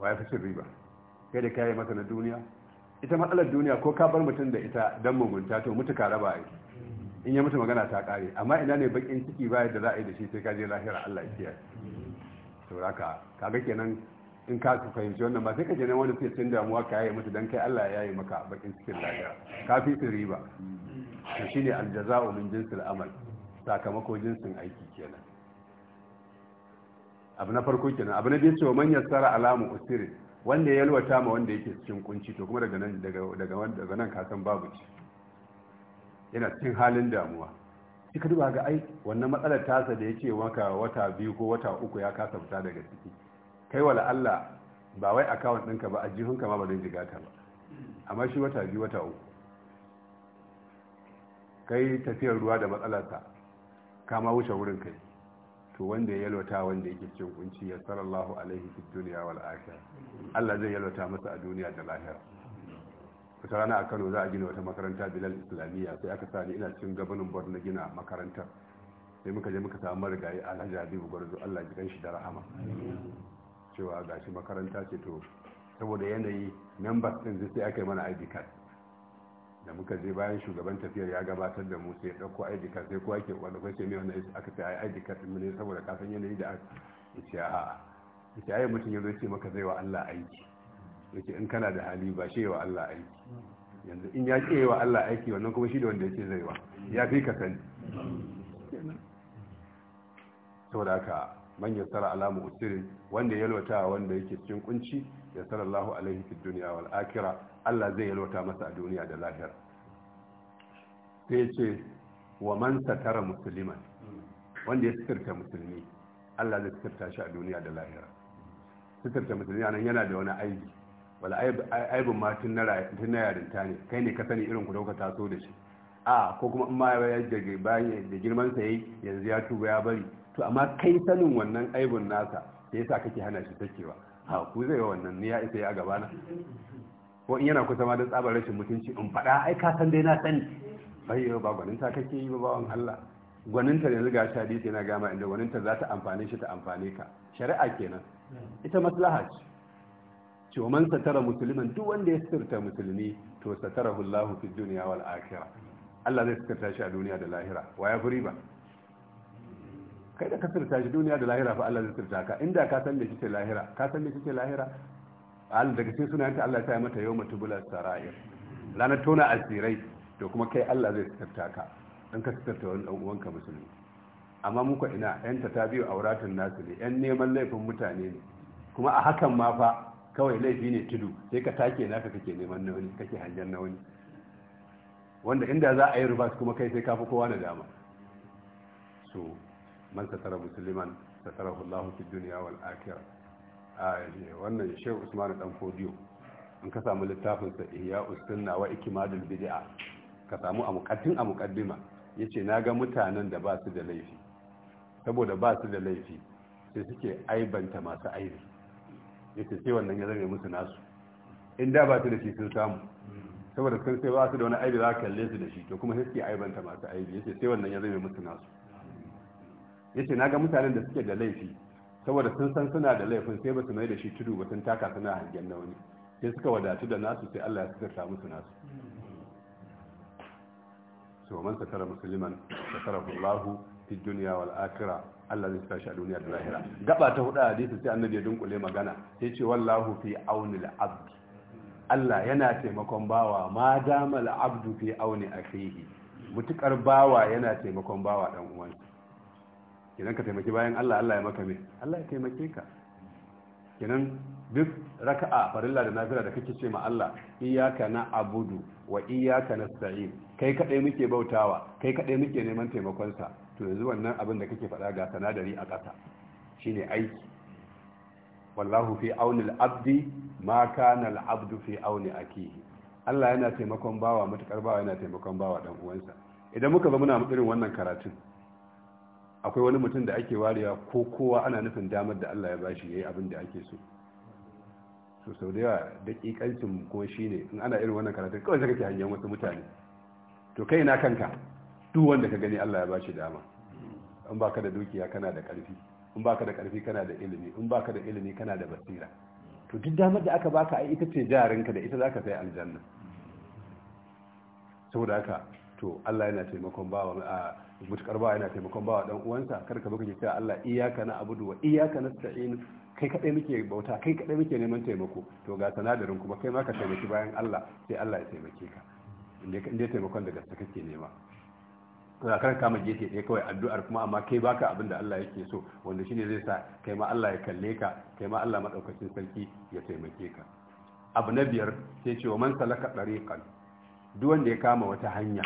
wa fi riba kai da kai masa na duniya ita matsalar duniya ko ka bar mutum da ita dan mugunta to mutuka raba ai in ya mutu magana ta kare amma ina ne bakin ciki baya da za a yi da shi sai ka je lahira Allah ya kiyaye sauraka kaga kenan in ka fahimci wannan ba sai ka je nan wani fitin damuwa ka yayi mutu dan kai Allah ya yayi maka bakin cikin lahira ka fi riba to shine aljaza'u min jinsil amal sakamako jinsin aiki kenan abu na farko kenan abu na biyu cewa man yassara alamu usiri wanda ya yalwata ma wanda yake cikin kunci to kuma daga nan daga daga nan ka san babu ci yana cikin halin damuwa shi ka duba ga ai wannan matsalar tasa da ya ce maka wata biyu ko wata uku ya kasa fita daga ciki kai wala Allah ba wai account ɗinka ba a jihunka ma ba zai jiga ta ba amma shi wata biyu wata uku kai tafiyar ruwa da matsalarsa kama wuce wurin kai to wanda ya yalwata wanda yake cikin kunci ya sallallahu alaihi fi duniya wal akhirah Allah zai yalwata masa a duniya da lahira wata rana a kano za a gina wata makaranta bilal islamiyya sai aka sa ni ina cikin gabanin bar na gina makarantar sai muka je muka samu marigayi alhaji habibu gwarzo allah ji shi da rahama cewa shi makaranta ce to saboda yanayi members din sai aka yi mana id card da muka je bayan shugaban tafiyar ya gabatar da mu sai ya dauko id card sai kowa ke wanda kwai mai wannan aka ce ai id card mu ne saboda kasan yanayi da aka ce a'a a ai mutum ya zo ce maka zai wa allah aiki yake in kana da hali ba shi wa Allah aiki yanzu in ya ke wa Allah aiki wannan kuma shi da wanda yake zaiwa ya fi ka sani saboda ka man yassara alamu usirin wanda ya yalwata wanda yake cikin kunci ya Allahu alaihi fid dunya wal akhira Allah zai lota masa a duniya da lahira sai ya ce wa man satara musliman wanda ya sitirta musulmi Allah zai sitirta shi a duniya da lahira sitirta musulmi nan yana da wani aiki wala aibin ma na yarinta ne kai ne ka sani irin ku dauka taso da shi a ko kuma in ma ya daga bayan da girman sa yayi yanzu ya tuba ya bari to amma kai sanin wannan aibin nasa da yasa kake hana shi takewa ha ku zai yi wannan ni ya isa ya gaba na ko in yana kusa ma da tsabar rashin mutunci in faɗa ai ka san dai na sani bai ba gwaninta kake yi ba bawan Allah gwaninta yanzu ga ta hadisi yana gama inda gwaninta za ta amfane shi ta amfane ka shari'a kenan ita maslaha ce cewa man satara musulman duk wanda ya sirta musulmi to satara Allah fi dunya wal akhirah Allah zai sirta shi a duniya da lahira wa ya furi ba kai da ka sirta shi duniya da lahira fa Allah zai sirta ka inda ka san da kike lahira ka san da kike lahira Al daga cikin sunanta Allah ya yi mata yawma tubula sarair ranar tona asirai to kuma kai Allah zai sirta ka dan ka sirta wani dan uwanka musulmi amma muka ina yan ta biyu auratun nasu ne yan neman laifin mutane ne kuma a hakan ma fa kawai laifi ne tudu sai ka take naka kake neman na wani kake hangen na wanda inda za a yi rubas kuma kai sai kafi kowa na dama so man satara musulman satara hullahu fi duniya wal akhirah a eh, wannan shehu usman dan fodiyo an ka samu littafin sa ihya usunna wa ikmadul bid'a ka samu a muqaddim a muqaddima yace naga mutanen da ba su da laifi saboda ba su da laifi sai suke aibanta masu aibi ya ce sai wannan ya zame musu nasu in da ba su da shi sun samu saboda sun sai ba su da wani aibi za ka kalle su da shi to kuma sai aibanta masu aibi ya ce sai wannan ya zame musu nasu ya ce na ga mutanen da suke da laifi saboda sun san suna da laifin sai ba su mai da shi tudu ba sun taka suna hangen na wani sai suka wadatu da nasu sai Allah ya suka musu nasu to man satara musliman satarahu Allah fi dunya wal akhirah Allah zai tashi a duniya da lahira gaba ta hudu hadisi sai annabi ya dunkule magana sai ce wallahu fi al abd Allah yana taimakon bawa ma damal abdu fi auni akhihi mutukar bawa yana taimakon bawa dan uwansa Idan ka taimaki bayan Allah Allah ya maka me Allah ya taimake ka kenan duk raka'a farilla da nafila da kake ce ma Allah iyyaka na abudu wa iyyaka nasta'in kai kaɗai muke bautawa kai kaɗai muke neman taimakonsa to yanzu wannan abin da kake faɗa ga sanadari a ƙasa shine aiki wallahu fi aunil abdi ma kana al abdu fi auni akihi Allah yana taimakon bawa matuƙar bawa yana taimakon bawa dan uwansa idan muka zo muna irin wannan karatun akwai wani mutum da ake warewa ko kowa ana nufin damar da Allah ya bashi yayi abin da ake so so sau da yawa dakikancin kuma shine in ana irin wannan karatun kawai sai kake hanyar wasu mutane to kai na kanka duk wanda ka gani Allah ya ba shi dama in baka da dukiya kana da karfi in baka da karfi kana da ilimi in baka da ilimi kana da basira to duk damar da aka baka ai ita ce jarinka da ita zaka sai aljanna saboda haka to Allah yana taimakon bawa a mutukar bawa yana taimakon bawa dan uwansa kar ka buga cewa Allah iyyaka na abudu wa iyyaka nasta'in kai kadai muke bauta kai kadai muke neman taimako to ga sanadarin kuma kai ma ka taimaki bayan Allah sai Allah ya taimake ka inda taimakon daga gaske kake nema za ka kama gefe ɗaya kawai addu'ar kuma amma kai baka abin da Allah yake so wanda shine zai sa kai ma Allah ya kalle ka kai ma Allah madaukakin sarki ya taimake ka abu na biyar sai ce wa man salaka dariqan duk wanda ya kama wata hanya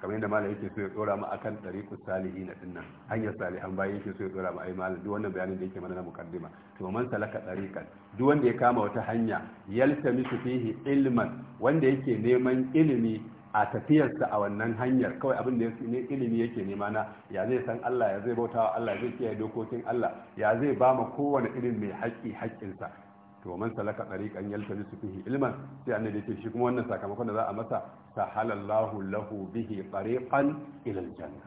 kamar yadda malam yake so ya dora mu akan tariku salihi din nan hanyar salihan bayan yake so ya dora mu ai malam duk wannan bayanin da yake mana na mukaddima to man salaka tariqan duk wanda ya kama wata hanya yaltamisu fihi ilman wanda yake neman ilimi a tafiyarsa a wannan hanyar kawai abin da ne ilimi yake nema na ya zai san Allah ya zai bauta wa Allah zai kiyaye dokokin Allah ya zai ba ma kowane irin mai haƙƙi haƙƙinsa to man salaka tariqan su fihi ilman sai annabi ce shi kuma wannan sakamakon da za a masa halallahu lahu bihi tariqan ila aljanna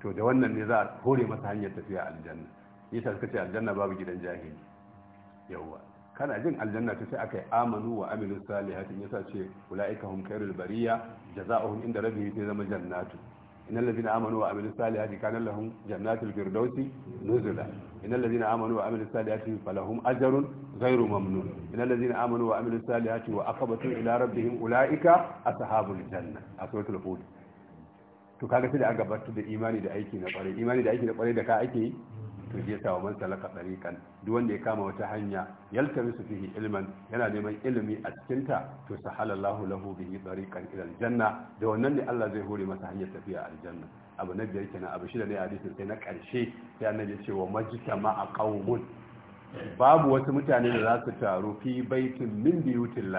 to da wannan ne za a hore masa hanyar tafiya aljanna yasa suka ce aljanna babu gidan jahili yawwa kana jin aljanna ta sai akai amanu wa amilu salihatin yasa ce ulaika hum khairul bariya jazaohum inda rabbihim zama jannatu innal ladina amanu wa amilus salihati kana lahum jannatul firdausi nuzula innal ladina amanu wa amilus salihati falahum ajrun ghairu mamnun innal ladina amanu wa amilus salihati wa aqbatu ila rabbihim ulaika ashabul janna a suratul hud to kaga sai da an gabatar da imani aiki na kware imani aiki na kware da ka ake yi to je wa man salaka tariqan duk wanda ya kama wata hanya yaltamisu fihi ilman yana neman ilimi a cikin ta to sahalallahu lahu bihi tariqan ila aljanna da wannan ne Allah zai hore masa hanyar tafiya aljanna abu na biyar kenan abu shida ne hadisin sai na karshe sai annabi ya ce wa majtama qaumun babu wasu mutane da za su taru fi baitin min biyutin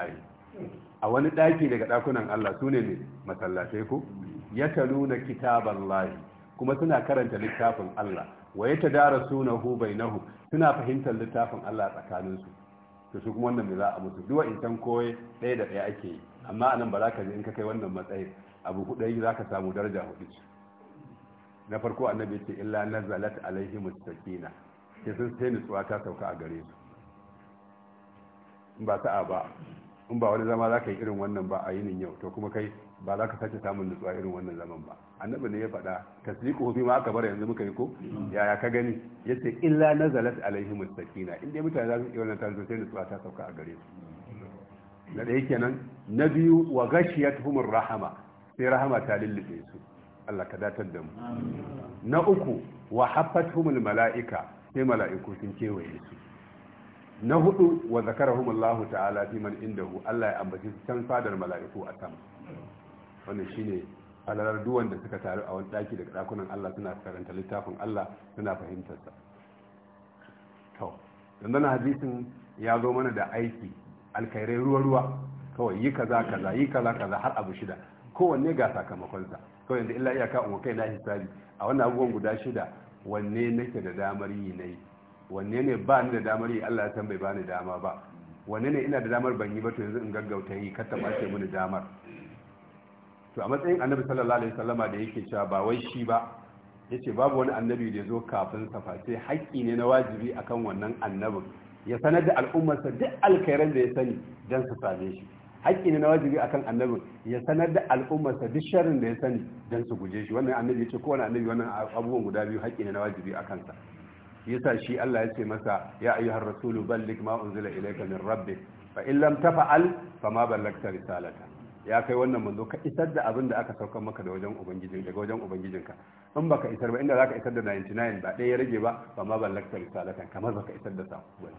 a wani ɗaki daga ɗakunan Allah sune ne masallatai ko ya talu na kitaban layi kuma suna karanta littafin Allah wa ya bai nahu suna fahimtar littafin Allah tsakaninsu, to su kuma wannan me za a mutu duwa in san koyi ɗaya da ɗaya ake yi amma nan ba za ka je in ka kai wannan matsayin abu hudu za ka samu daraja hudu na farko annabi ce illa nazalat alaihi mustaqina ke sun sai nutsuwa ta sauka a gare su in ba ta'a ba in ba wani zama za ka yi irin wannan ba a yinin yau to kuma kai ba za ka sake samun nutsuwa irin wannan zaman ba annabi ne ya faɗa tasdiqu fi ma aka bar yanzu muka yi ko yaya ka gani yace illa nazalat alaihim sakina inda mutane za su yi wannan tanzo sai nutsuwa ta sauka a gare su na yake kenan na biyu wa ghashiyatuhum rahama sai rahama ta lullube su Allah ka datar da mu na uku wa haffatuhum mala'ika sai mala'iku sun kewaye su na hudu wa zakarahum Allah ta'ala fi man indahu Allah ya ambaci can fadar mala'iku a sama wannan shine alalar duwan da suka taru a wani daki da dakunan Allah suna karanta littafin Allah suna fahimtar sa to dan hadisin ya zo mana da aiki alkhairai ruwa ruwa kawai yi kaza kaza yi kaza kaza har abu shida kowanne ga sakamakonsa sa kawai yanzu illa iyaka in kai na hisabi a wannan abubuwan guda shida wanne nake da damar yi nayi wanne ne ba ni da damar yi Allah ya san bai bani dama ba wanne ne ina da damar ban yi ba to yanzu in gaggauta yi kar ta bace mini damar to a matsayin annabi sallallahu alaihi wasallama da yake cewa ba wai shi ba yace babu wani annabi da ya zo kafin sa face haƙƙi ne na wajibi akan wannan annabin ya sanar da al'ummarsa duk alkhairan da ya sani dan su same shi haƙƙi ne na wajibi akan annabin ya sanar da al'ummarsa duk sharrin da ya sani dan su guje shi wannan annabi yace kowane annabi wannan abubuwan guda biyu haƙƙi ne na wajibi akan sa yasa shi Allah ya ce masa ya ayyuhar rasulu balligh ma unzila ilayka min rabbik fa in lam tafa'al fama ballagta risalata ya kai wannan manzo ka isar da abin da aka saukar maka da wajen ubangijin daga wajen ubangijinka in baka isar ba inda zaka isar da 99 ba ɗaya ya rage ba ba ma ballakta risalatan kamar baka isar da sako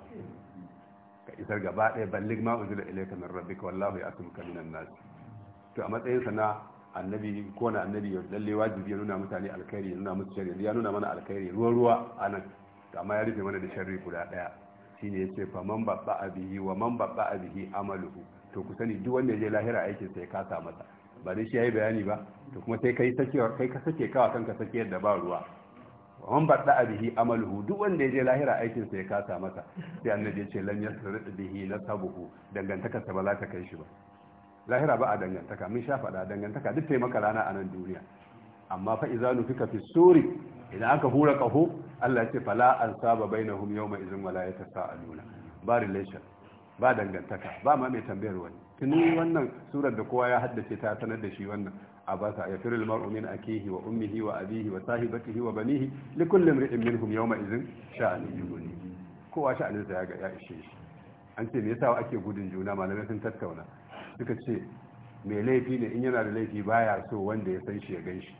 ka isar gaba ɗaya ballig ma uzila ilayka min rabbika wallahu ya'tumuka minan nas to a matsayin sa na annabi ko na annabi ya lalle wajibi ya nuna mutane alkhairi ya nuna musu sharri ya nuna mana alkhairi ruwa ruwa anan to amma ya rufe mana da sharri guda ɗaya shine yace fa man babba abihi wa man babba abihi amaluhu to ku sani duk wanda ya je lahira aikin sai kasa masa ba dai shi yayi bayani ba to kuma sai kai sakewar kai ka sake kawa kanka sake da ba ruwa man badda bihi amaluhu duk wanda ya je lahira aikin sa ya kasa masa sai annabi ya ce lam yasrid bihi nasabuhu dangantaka sa ba za ta kai shi ba lahira ba a dangantaka mun sha faɗa dangantaka duk taimaka maka rana a nan duniya amma fa idza nufika fi suri idan aka hura kahu. Allah ya ce fala ansaba bainahum yawma idhin wala yatasaaluna ba relation ba dangantaka ba ma mai tambayar wani tuni wannan surar da kowa ya haddace ta sanar da shi wannan abasa ya firil umin min yi wa ummihi wa abihi wa Sahi baki wa banihi li kulli imri'in minhum yawma idhin sha'anin yughni kowa sha'anin sa ya ishe shi an ce me yasa ake gudun juna malamai sun tattauna suka ce mai laifi ne in yana da laifi baya so wanda ya san shi ya gan shi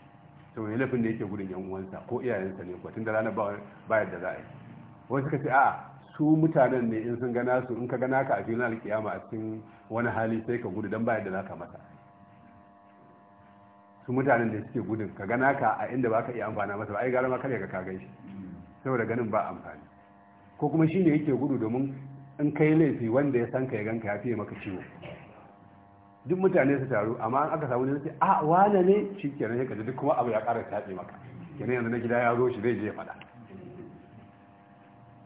to mai laifin da yake gudun yan uwansa ko iyayensa ne ko tun da ranar bayar da za yi wasu suka ce a'a su mutanen ne in sun gana su in ka gana ka a filin alkiyama a cikin wani hali sai ka gudu don ba yadda za ka mata su mutanen ne suke gudun ka gana ka a inda ba ka iya amfana masa ba ai gara ma kare ka kagai shi saboda ganin ba amfani ko kuma shi ne yake gudu domin in kai laifi wanda ya san ka ya ganka ya fiye maka ciwo duk mutane su taru amma an aka samu ne sai a ah, wane ne shi kenan sai ka duk kuma abu ya ƙara taɓe maka kenan yanzu na gida ya zo shi zai je ya faɗa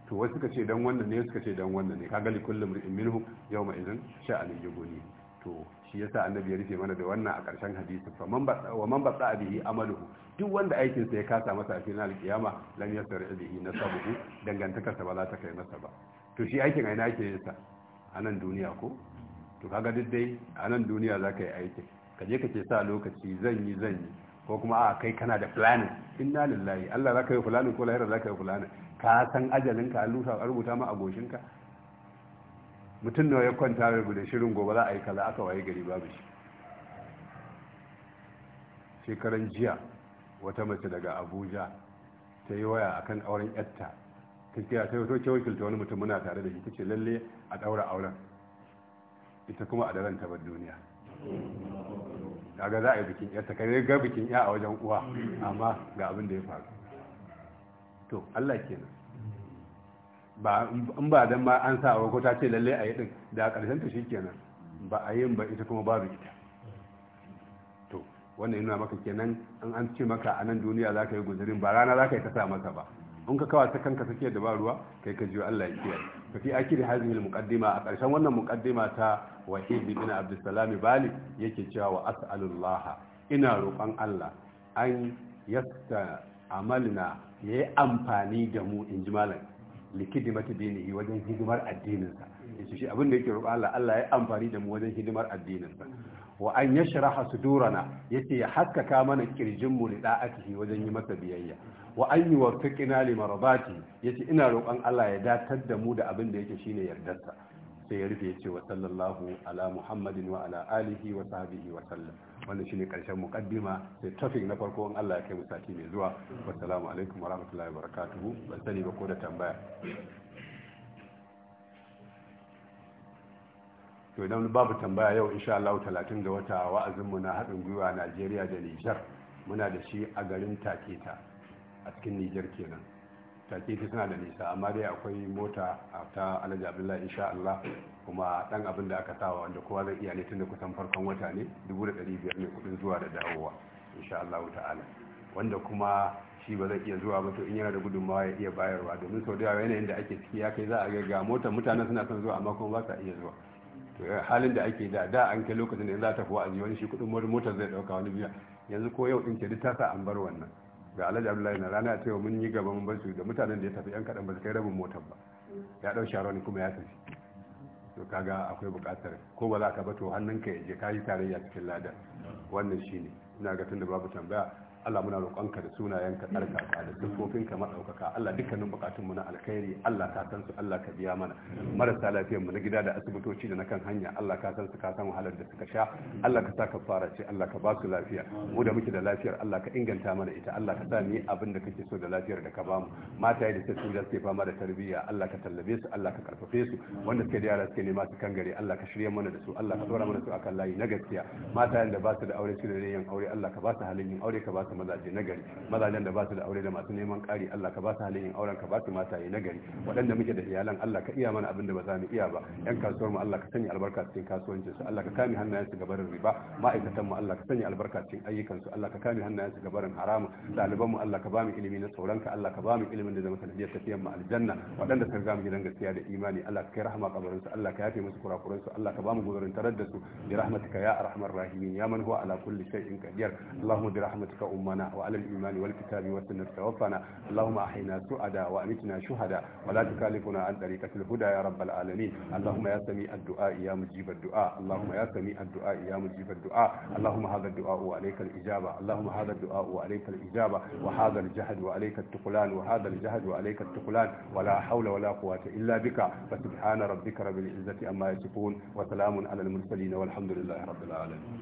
to wasu suka ce dan wannan ne suka ce dan wannan ne kaga gali kullum ri'in yau yawma idhin sha'ani yughni to shi yasa annabi ya rufe mana da wannan a karshen hadisi fa man ba wa man ba bihi amaluhu duk wanda aikin sa ya kasa masa a filin alkiyama lam yasar bihi nasabuhu dangantakar sa ba za ta kai masa ba to shi aikin aina ake yin sa a nan duniya ko to kaga duk dai a nan duniya za ka yi aikin ka je ka ce sa lokaci zan yi zan yi ko kuma a kai kana da planning inna lillahi Allah za ka yi fulani ko lahira za ka yi fulani ka san ajalinka an lusa a rubuta ma a goshinka mutum nawa ya kwanta bai bude shirin gobe za a yi kaza aka waye gari babu shi shekaran jiya wata mace daga abuja ta yi waya akan auren yatta ta kira ta to ke wakilta wani mutum muna tare da shi ta ce lalle a daura auren ita kuma a daren tabar duniya kaga za a yi bikin yatta kai ga bikin ya a wajen uwa amma ga abin da ya faru to Allah kenan ba in ba dan ma an sa ko ta ce lalle a yi din da karshen ta shikenan ba a yin ba ita kuma babu ita to wannan yana maka kenan an an ce maka a nan duniya zaka yi guzurin ba rana zaka yi ta sa masa ba in ka kawa ta kanka sake da ba ruwa kai ka jiyo Allah ya kiya ka fi akiri al muqaddima a karshen wannan muqaddima ta wahidi bin abdussalam bali yake cewa wa as'alullah ina roƙon Allah an yasta amalna ya yi amfani da mu in ji malam likidi mata dinihi wajen hidimar addininsa ya shi abin da yake roƙa Allah Allah ya amfani da mu wajen hidimar addininsa wa an sharaha sudurana yace ya haskaka mana kirjin mu li da'atihi wajen yi masa biyayya wa an yuwaffiqina li maradati yace ina roƙon Allah ya datar da mu da abin da yake shine yardarsa sai ya rufe yace wa sallallahu ala muhammadin wa ala alihi wa sahbihi wa sallam wannan shine karshen mukaddima sai topic na farko in Allah ya kai mu sati mai zuwa wassalamu alaikum warahmatullahi wabarakatuh ban sani ba ko da tambaya to idan babu tambaya yau insha Allah 30 ga wata wa'azin mu na haɗin gwiwa Najeriya da Nijar muna da shi a garin Taketa a cikin Nijar kenan Taketa suna da nisa amma dai akwai mota ta Alhaji Abdullahi insha Allah kuma dan abin da aka sawa wanda kowa zai iya ne tun da kusan farkon wata ne 1500 ne kudin zuwa da dawowa insha Allah ta'ala wanda kuma shi ba zai iya zuwa ba to in yana da gudunmawa ya iya bayarwa domin sau da yawa yanayin da ake ciki ya kai za a ga motar mutanen suna son zuwa amma kuma ba sa iya zuwa to eh, halin da ake da da an kai lokacin da za ta fi wa'azi wani shi kudin motar zai dauka wani biya yanzu ko yau din ce ta sa an bar wannan ga alhaji abdullahi na rana ta yau mun yi gaba mun bar su da mutanen da ya tafi yan kadan ba su kai rabin motar ba ya ɗau sharon kuma ya tafi to kaga akwai bukatar ko ba za ka bato to hannunka ya je ka yi tarayya cikin ladar wannan shine ina ga tunda babu tambaya Allah muna roƙonka da sunayenka tsarkaka da siffofinka maɗaukaka Allah dukkanin buƙatunmu na alkhairi Allah ka san su Allah ka biya mana marasa lafiyar mu na gida da asibitoci da na kan hanya Allah ka san su ka san wahalar da suka sha Allah ka sa ka fara ce Allah ka ba su lafiya mu da muke da lafiyar Allah ka inganta mana ita Allah ka sa ni abin da kake so da lafiyar da ka ba mu mata da su da suke fama da tarbiyya Allah ka tallabe su Allah ka karfafe su wanda suke da yara suke nema su kan gare Allah ka shirye mana da su Allah ka dora mana su akan layi na gaskiya mata da ba su da aure su da yin aure Allah ka ba su halin yin aure ka ba su mazaje na gari mazajen da ba su da aure da masu neman ƙari Allah ka ba su halin auren ka ba su mataye na gari waɗanda muke da iyalan Allah ka iya mana abin da ba za mu iya ba Ƴan kasuwar mu Allah ka sanya albarka cikin kasuwancin su Allah ka kame hannayen su gabarin riba ma'aikatan mu Allah ka sanya albarka cikin ayyukan su Allah ka kame hannayen su gabarin haramu ɗaliban mu Allah ka ba mu ilimi na tsoron ka Allah ka ba mu ilimin da zama sanadiyar tafiyar mu aljanna waɗanda suka ga mu gidan gaskiya da imani Allah ka kai rahama kabarin su Allah ka yafe musu kurakuran su Allah ka ba mu gudurin tarar da su bi rahmatika ya arhamar rahimin ya man huwa ala kulli shay'in qadir Allahumma bi rahmatika أمنا وعلى الإيمان والكتاب والسنة توفنا اللهم أحينا سعدا وأمتنا شهدا ولا تكلفنا عن طريقة الهدى يا رب العالمين اللهم يا سميع الدعاء يا مجيب الدعاء اللهم يا سميع الدعاء يا مجيب الدعاء اللهم هذا الدعاء وعليك الإجابة اللهم هذا الدعاء وعليك الإجابة وهذا الجهد وعليك التقلان وهذا الجهد وعليك التقلان ولا حول ولا قوة إلا بك فسبحان ربك رب العزة أما يصفون وسلام على المرسلين والحمد لله رب العالمين